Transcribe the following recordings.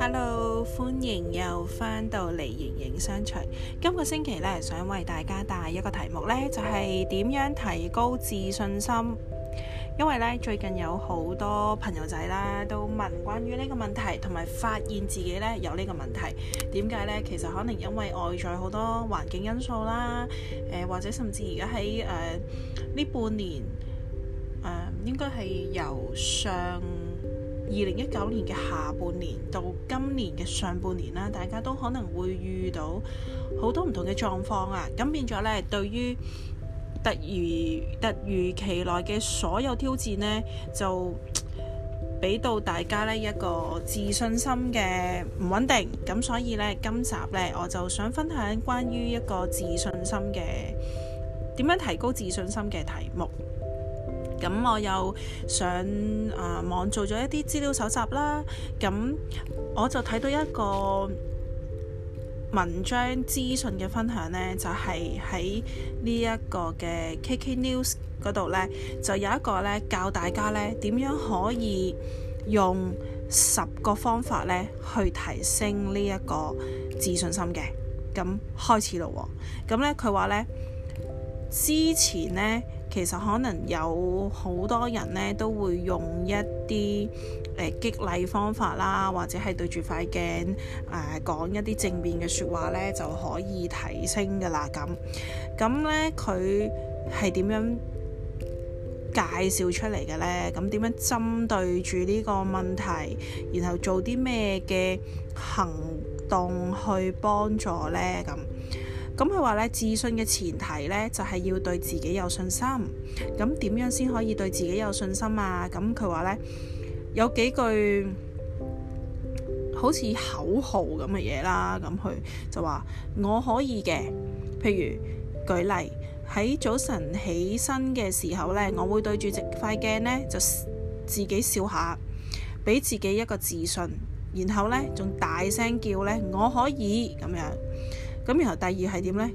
Hello，歡迎又返到嚟形影相隨。今個星期呢，想為大家帶一個題目呢，就係點樣提高自信心。因為呢，最近有好多朋友仔啦，都問關於呢個問題，同埋發現自己呢有呢個問題。點解呢？其實可能因為外在好多環境因素啦，呃、或者甚至而家喺呢半年。應該係由上二零一九年嘅下半年到今年嘅上半年啦，大家都可能會遇到好多唔同嘅狀況啊，咁變咗呢，對於突如突如其來嘅所有挑戰呢，就俾到大家呢一個自信心嘅唔穩定，咁所以呢，今集呢，我就想分享關於一個自信心嘅點樣提高自信心嘅題目。咁我又上啊、呃、網上做咗一啲資料搜集啦，咁我就睇到一個文章資訊嘅分享呢，就係喺呢一個嘅 KK News 嗰度呢，就有一個呢教大家呢點樣可以用十個方法呢去提升呢一個自信心嘅，咁開始咯喎、哦，咁呢，佢話呢之前呢。其實可能有好多人呢都會用一啲、呃、激勵方法啦，或者係對住塊鏡誒講、呃、一啲正面嘅説話，話呢，就可以提升噶啦咁。咁呢，佢係點樣介紹出嚟嘅呢？咁點樣針對住呢個問題，然後做啲咩嘅行動去幫助呢？咁？咁佢話咧，自信嘅前提咧就係要對自己有信心。咁點樣先可以對自己有信心啊？咁佢話咧有幾句好似口號咁嘅嘢啦，咁佢就話我可以嘅。譬如舉例喺早晨起身嘅時候咧，我會對住隻塊鏡咧就自己笑下，俾自己一個自信，然後咧仲大聲叫咧我可以咁樣。咁然後第二係點呢？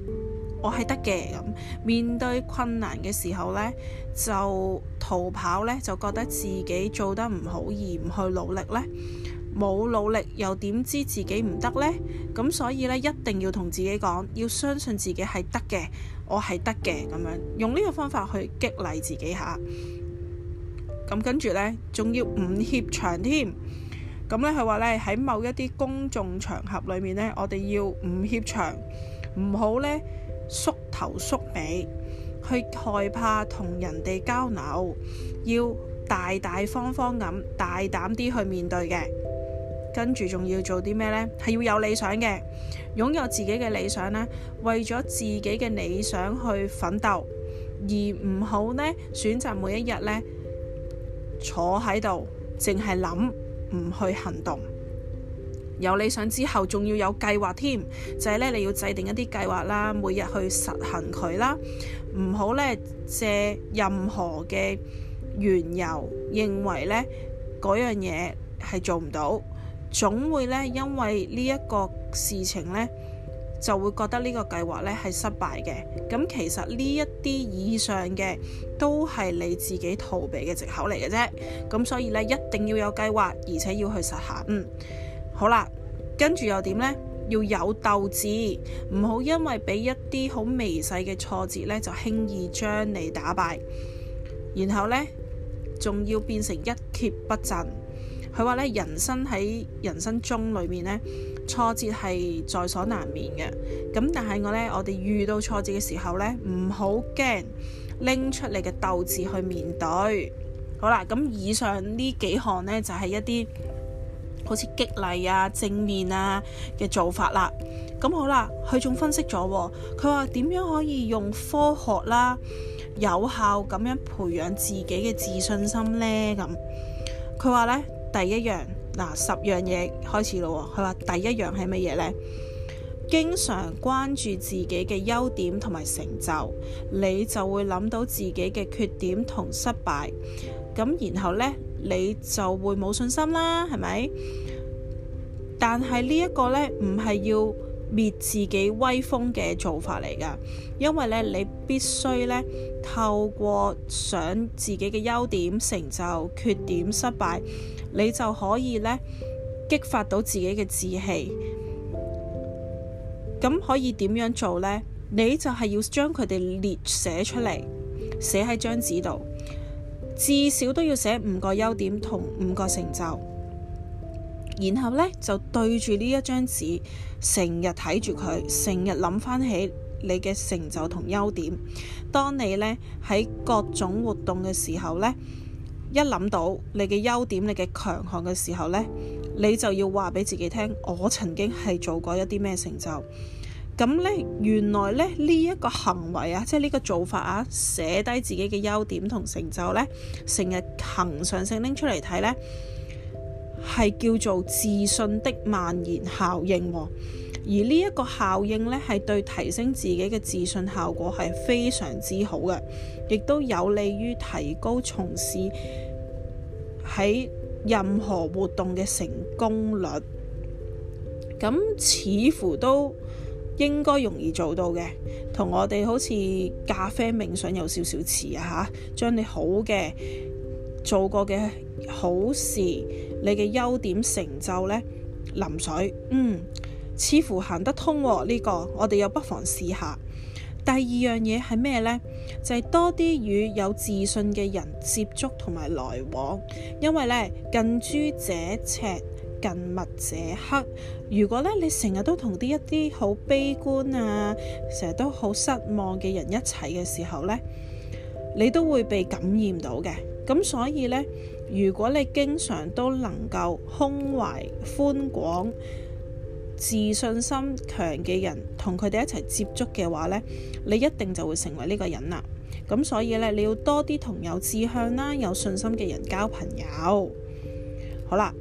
我係得嘅咁，面對困難嘅時候呢，就逃跑呢，就覺得自己做得唔好而唔去努力呢。冇努力又點知自己唔得呢？咁所以呢，一定要同自己講，要相信自己係得嘅，我係得嘅咁樣，用呢個方法去激勵自己下。咁跟住呢，仲要唔怯場添。咁咧，佢話咧，喺某一啲公眾場合裏面呢，我哋要唔怯場，唔好呢，縮頭縮尾，去害怕同人哋交流，要大大方方咁，大膽啲去面對嘅。跟住仲要做啲咩呢？係要有理想嘅，擁有自己嘅理想呢，為咗自己嘅理想去奮鬥，而唔好呢，選擇每一日呢，坐喺度，淨係諗。唔去行動，有理想之後，仲要有計劃添。就係咧，你要制定一啲計劃啦，每日去實行佢啦。唔好咧，借任何嘅緣由，認為呢嗰樣嘢係做唔到，總會呢，因為呢一個事情呢。就會覺得呢個計劃呢係失敗嘅，咁其實呢一啲以上嘅都係你自己逃避嘅借口嚟嘅啫，咁所以呢，一定要有計劃，而且要去實行。嗯，好啦，跟住又點呢？要有鬥志，唔好因為俾一啲好微細嘅挫折呢就輕易將你打敗，然後呢，仲要變成一蹶不振。佢話呢，人生喺人生中裏面呢。挫折係在所難免嘅，咁但係我咧，我哋遇到挫折嘅時候呢，唔好驚，拎出嚟嘅鬥志去面對。好啦，咁以上呢幾項呢，就係一啲好似激勵啊、正面啊嘅做法啦。咁好啦，佢仲分析咗，佢話點樣可以用科學啦，有效咁樣培養自己嘅自信心呢？咁佢話呢，第一樣。嗱，十樣嘢開始咯喎，佢話第一樣係乜嘢呢？經常關注自己嘅優點同埋成就，你就會諗到自己嘅缺點同失敗，咁然後呢，你就會冇信心啦，係咪？但係呢一個呢，唔係要滅自己威風嘅做法嚟噶，因為咧你必須咧透過想自己嘅優點成就、缺點失敗，你就可以咧激發到自己嘅志氣。咁可以點樣做呢？你就係要將佢哋列寫出嚟，寫喺張紙度，至少都要寫五個優點同五個成就。然後咧就對住呢一張紙，成日睇住佢，成日諗翻起你嘅成就同優點。當你呢喺各種活動嘅時候呢，一諗到你嘅優點、你嘅強項嘅時候呢，你就要話俾自己聽：我曾經係做過一啲咩成就。咁呢，原來呢，呢、這、一個行為啊，即係呢個做法啊，寫低自己嘅優點同成就呢，成日恆常性拎出嚟睇呢，係叫做自信的蔓延效應，而呢一個效應呢，係對提升自己嘅自信效果係非常之好嘅，亦都有利於提高從事喺任何活動嘅成功率。咁似乎都應該容易做到嘅，同我哋好似咖啡冥想有少少似啊，吓，將你好嘅。做過嘅好事，你嘅優點成就咧，淋水，嗯，似乎行得通呢、哦呢個。我哋又不妨試下。第二樣嘢係咩呢？就係、是、多啲與有自信嘅人接觸同埋來往，因為咧近朱者赤，近墨者黑。如果咧你成日都同啲一啲好悲觀啊，成日都好失望嘅人一齊嘅時候呢，你都會被感染到嘅。咁所以呢，如果你經常都能夠胸懷寬廣、自信心強嘅人同佢哋一齊接觸嘅話，呢你一定就會成為呢個人啦。咁所以呢，你要多啲同有志向啦、有信心嘅人交朋友。好啦，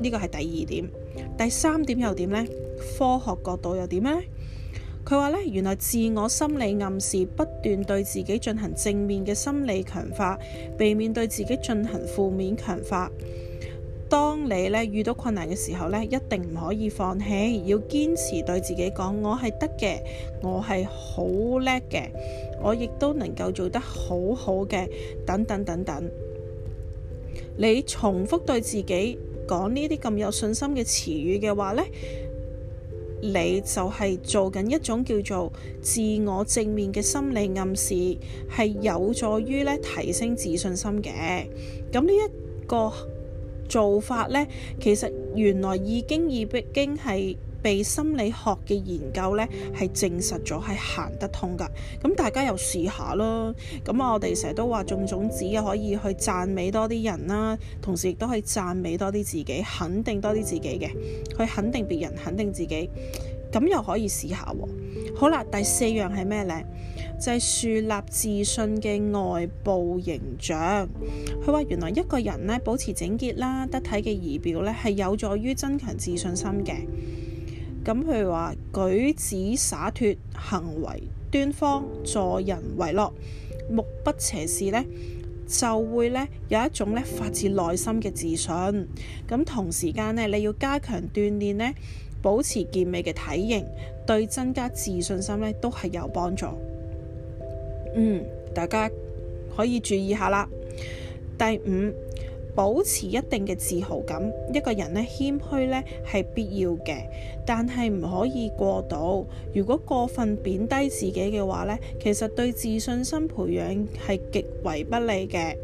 呢個係第二點。第三點又點呢？科學角度又點呢？佢話呢，原來自我心理暗示，不斷對自己進行正面嘅心理強化，避免對自己進行負面強化。當你呢遇到困難嘅時候呢，一定唔可以放棄，要堅持對自己講：我係得嘅，我係好叻嘅，我亦都能夠做得好好嘅，等等等等。你重複對自己講呢啲咁有信心嘅詞語嘅話呢。你就係做緊一種叫做自我正面嘅心理暗示，係有助於咧提升自信心嘅。咁呢一個做法呢，其實原來已經已經係。被心理學嘅研究呢係證實咗係行得通㗎。咁大家又試下咯。咁啊，我哋成日都話種種子啊，可以去讚美多啲人啦，同時亦都可以讚美多啲自己，肯定多啲自己嘅，去肯定別人，肯定自己。咁又可以試下喎。好啦，第四樣係咩呢？就係樹立自信嘅外部形象。佢話原來一個人呢，保持整潔啦，得體嘅儀表呢，係有助於增強自信心嘅。咁譬如話舉止灑脱、行為端方、助人為樂、目不斜視呢，就會呢有一種呢發自內心嘅自信。咁同時間呢，你要加強鍛鍊呢，保持健美嘅體型，對增加自信心呢都係有幫助。嗯，大家可以注意下啦。第五。保持一定嘅自豪感，一個人呢，謙虛呢係必要嘅，但係唔可以過度。如果過分貶低自己嘅話呢，其實對自信心培養係極為不利嘅。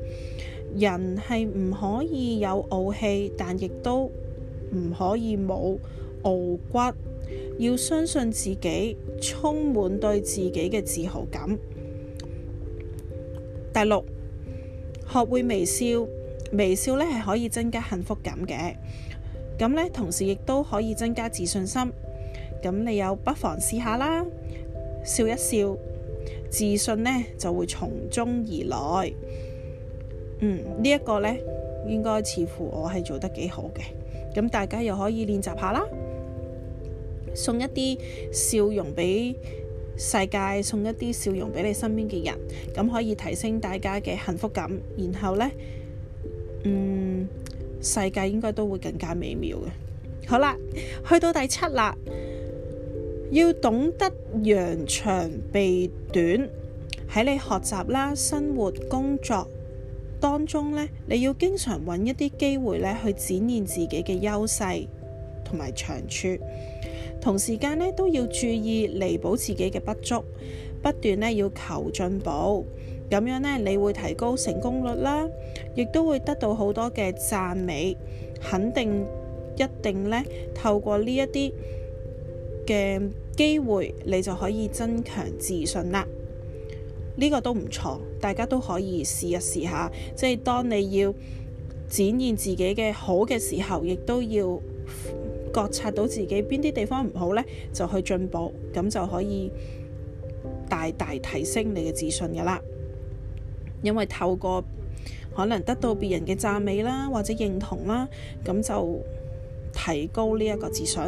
人係唔可以有傲氣，但亦都唔可以冇傲骨。要相信自己，充滿對自己嘅自豪感。第六，學會微笑。微笑咧係可以增加幸福感嘅，咁咧同時亦都可以增加自信心。咁你又不妨試下啦，笑一笑，自信呢就會從中而來。嗯，呢一個呢，應該似乎我係做得幾好嘅，咁大家又可以練習下啦，送一啲笑容俾世界，送一啲笑容俾你身邊嘅人，咁可以提升大家嘅幸福感，然後呢。嗯，世界應該都會更加美妙嘅。好啦，去到第七啦，要懂得揚長避短。喺你學習啦、生活、工作當中呢，你要經常揾一啲機會呢去展現自己嘅優勢同埋長處。同時間呢，都要注意彌補自己嘅不足，不斷呢要求進步。咁樣呢，你會提高成功率啦，亦都會得到好多嘅讚美肯定。一定呢，透過呢一啲嘅機會，你就可以增強自信啦。呢、呢個都唔錯，大家都可以試一試下。即係當你要展現自己嘅好嘅時候，亦都要覺察到自己邊啲地方唔好呢，就去進步，咁就可以大大提升你嘅自信噶啦。因為透過可能得到別人嘅讚美啦，或者認同啦，咁就提高呢一個自信。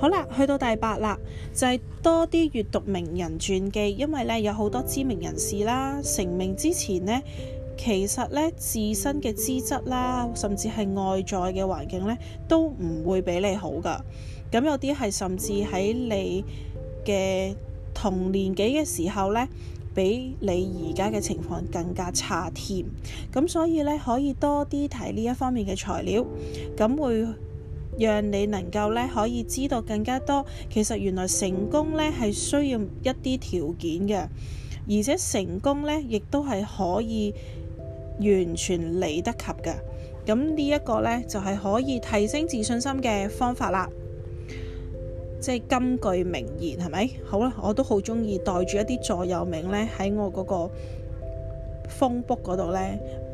好啦，去到第八啦，就係多啲閱讀名人傳記，因為呢有好多知名人士啦，成名之前呢，其實呢自身嘅資質啦，甚至係外在嘅環境呢，都唔會比你好噶。咁有啲係甚至喺你嘅童年期嘅時候呢，比你而家嘅情況更加差添，咁所以呢，可以多啲睇呢一方面嘅材料，咁會讓你能夠呢，可以知道更加多，其實原來成功呢係需要一啲條件嘅，而且成功呢亦都係可以完全嚟得及嘅，咁呢一個呢，就係可以提升自信心嘅方法啦。即係金句名言，係咪好啦？我都好中意袋住一啲座右銘呢。喺我嗰個 phone book 嗰度呢，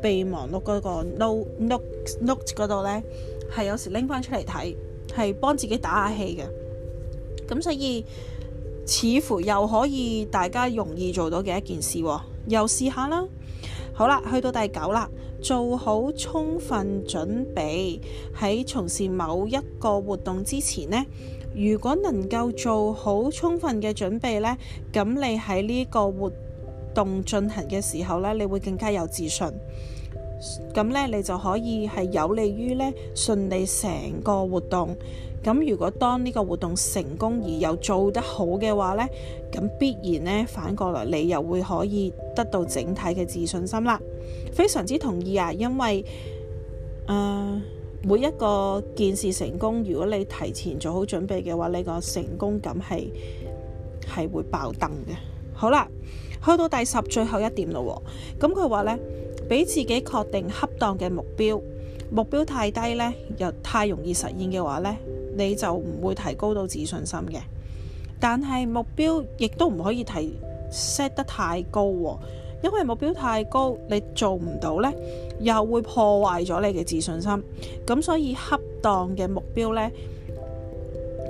備忘錄嗰個 note note note 嗰度呢，係有時拎翻出嚟睇，係幫自己打下氣嘅。咁所以似乎又可以大家容易做到嘅一件事，又試下啦。好啦，去到第九啦，做好充分準備喺從事某一個活動之前呢。如果能夠做好充分嘅準備呢，咁你喺呢個活動進行嘅時候呢，你會更加有自信。咁呢，你就可以係有利於呢順利成個活動。咁如果當呢個活動成功而又做得好嘅話呢，咁必然呢，反過來你又會可以得到整體嘅自信心啦。非常之同意啊，因為，呃每一個件事成功，如果你提前做好準備嘅話，你個成功感係係會爆燈嘅。好啦，去到第十最後一點咯喎，咁佢話呢，俾自己確定恰當嘅目標，目標太低呢，又太容易實現嘅話呢，你就唔會提高到自信心嘅。但係目標亦都唔可以提 set 得太高喎，哦。因為目標太高，你做唔到呢，又會破壞咗你嘅自信心。咁所以恰當嘅目標呢，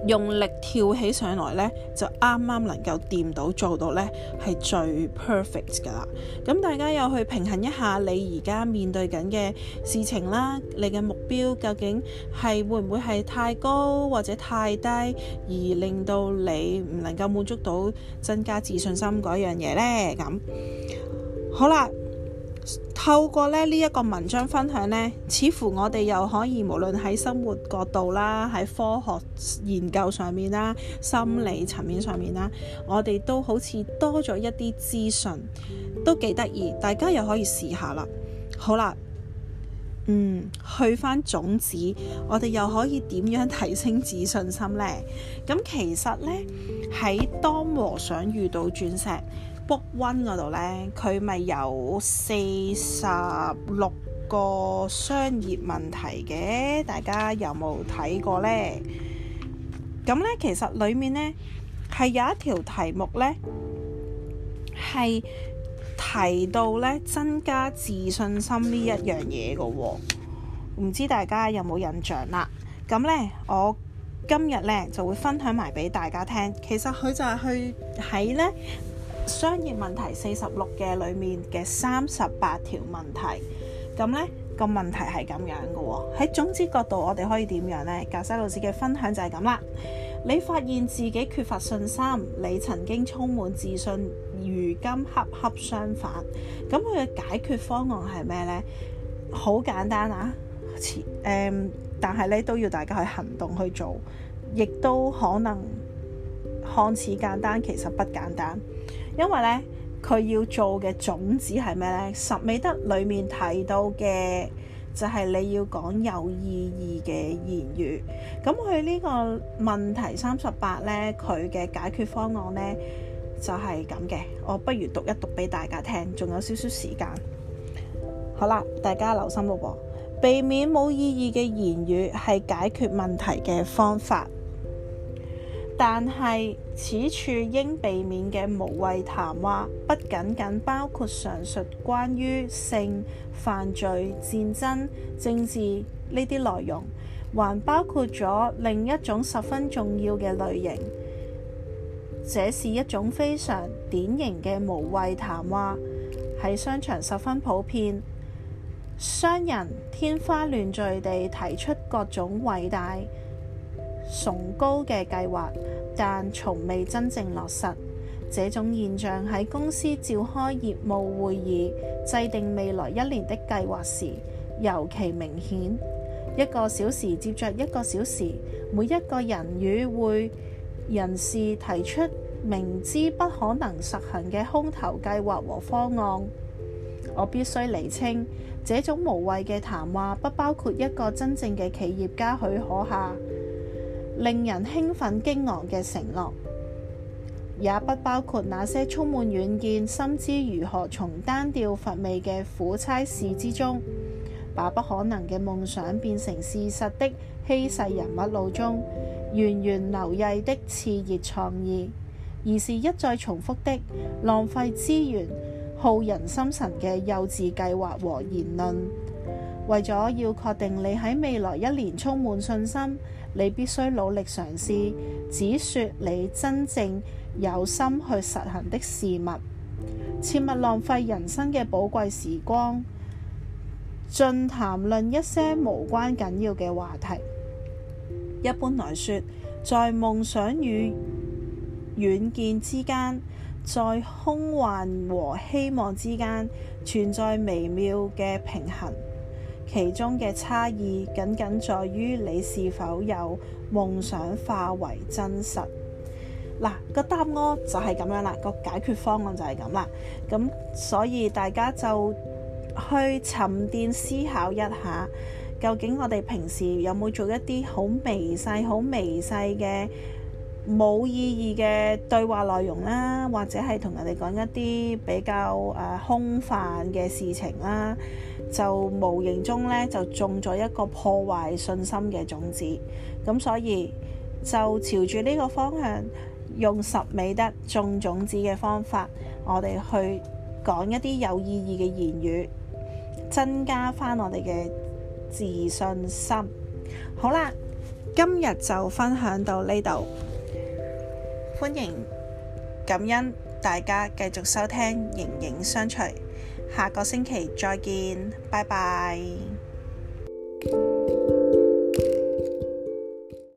用力跳起上來呢，就啱啱能夠掂到做到呢，係最 perfect 噶啦。咁大家又去平衡一下你而家面對緊嘅事情啦，你嘅目標究竟係會唔會係太高或者太低，而令到你唔能夠滿足到增加自信心嗰樣嘢呢？咁。好啦，透過咧呢一個文章分享呢，似乎我哋又可以無論喺生活角度啦，喺科學研究上面啦，心理層面上面啦，我哋都好似多咗一啲資訊，都幾得意。大家又可以試下啦。好啦，嗯，去翻種子，我哋又可以點樣提升自信心呢？咁其實呢，喺當和尚遇到鑽石。book one 嗰度呢，佢咪有四十六個商業問題嘅，大家有冇睇過呢？咁呢，其實裡面呢，係有一條題目呢，係提到呢，增加自信心呢一樣嘢嘅喎，唔知大家有冇印象啦？咁呢，我今日呢，就會分享埋俾大家聽。其實佢就係去喺呢。商業問題四十六嘅裏面嘅三十八條問題，咁呢個問題係咁樣嘅喎，哦。喺種子角度，我哋可以點樣呢？格西老師嘅分享就係咁啦。你發現自己缺乏信心，你曾經充滿自信，如今恰恰相反。咁佢嘅解決方案係咩呢？好簡單啊，誒、嗯，但係呢，都要大家去行動去做，亦都可能。看似簡單，其實不簡單，因為呢，佢要做嘅種子係咩呢？十美德裏面提到嘅就係你要講有意義嘅言語。咁佢呢個問題三十八呢，佢嘅解決方案呢，就係咁嘅。我不如讀一讀俾大家聽，仲有少少時間。好啦，大家留心咯，避免冇意義嘅言語係解決問題嘅方法。但係，此處應避免嘅無謂談話，不僅僅包括上述關於性、犯罪、戰爭、政治呢啲內容，還包括咗另一種十分重要嘅類型。這是一種非常典型嘅無謂談話，喺商場十分普遍。商人天花亂墜地提出各種偉大、崇高嘅計劃，但從未真正落實。這種現象喺公司召開業務會議、制定未來一年的計劃時尤其明顯。一個小時接着一個小時，每一個人與會人士提出明知不可能實行嘅空頭計劃和方案。我必須釐清，這種無謂嘅談話不包括一個真正嘅企業家許可下。令人興奮驚愕嘅承諾，也不包括那些充滿遠見、深知如何從單調乏味嘅苦差事之中，把不可能嘅夢想變成事實的稀世人物腦中源源流溢的熾熱創意，而是一再重複的浪費資源、耗人心神嘅幼稚計劃和言論。為咗要確定你喺未來一年充滿信心，你必須努力嘗試，只說你真正有心去實行的事物，切勿浪費人生嘅寶貴時光，盡談論一些無關緊要嘅話題。一般來說，在夢想與遠見之間，在空幻和希望之間，存在微妙嘅平衡。其中嘅差異，僅僅在於你是否有夢想化為真實。嗱，個答案就係咁樣啦，個解決方案就係咁啦。咁所以大家就去沉澱思考一下，究竟我哋平時有冇做一啲好微細、好微細嘅冇意義嘅對話內容啦，或者係同人哋講一啲比較誒、呃、空泛嘅事情啦。就無形中咧就種咗一個破壞信心嘅種子，咁所以就朝住呢個方向用十美德種種子嘅方法，我哋去講一啲有意義嘅言語，增加翻我哋嘅自信心。好啦，今日就分享到呢度，歡迎感恩大家繼續收聽《形影相隨》。下個星期再見，拜拜。